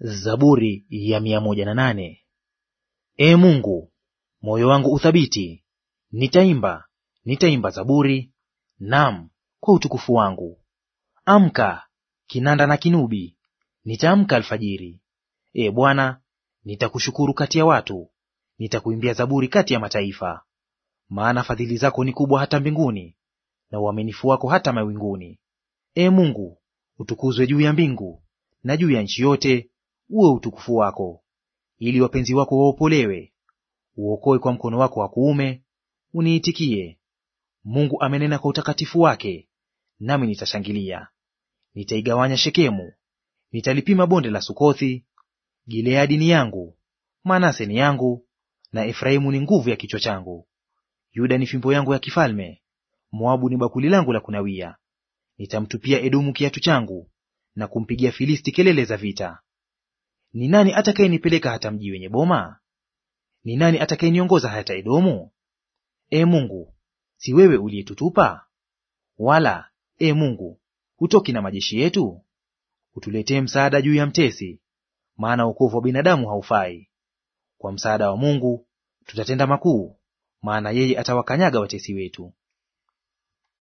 Zaburi ya mia moja na nane. E Mungu, moyo wangu uthabiti, nitaimba nitaimba zaburi, nam kwa utukufu wangu. Amka kinanda na kinubi, nitaamka alfajiri. E Bwana, nitakushukuru kati ya watu, nitakuimbia zaburi kati ya mataifa. Maana fadhili zako ni kubwa hata mbinguni, na uaminifu wako hata mawinguni. E Mungu, utukuzwe juu ya mbingu na juu ya nchi yote uwe utukufu wako, ili wapenzi wako waopolewe. Uokoe kwa mkono wako wa kuume, uniitikie. Mungu amenena kwa utakatifu wake, nami nitashangilia. Nitaigawanya Shekemu, nitalipima bonde la Sukothi. Gileadi ni yangu, Manase ni yangu, na Efraimu ni nguvu ya kichwa changu. Yuda ni fimbo yangu ya kifalme, Moabu ni bakuli langu la kunawia. Nitamtupia Edomu kiatu changu, na kumpigia Filisti kelele za vita. Ni nani atakayenipeleka hata mji wenye boma? Ni nani atakayeniongoza hata Edomu? E Mungu, si wewe uliyetutupa? Wala, e Mungu, hutoki na majeshi yetu? Utuletee msaada juu ya mtesi, maana wokovu wa binadamu haufai. Kwa msaada wa Mungu tutatenda makuu, maana yeye atawakanyaga watesi wetu.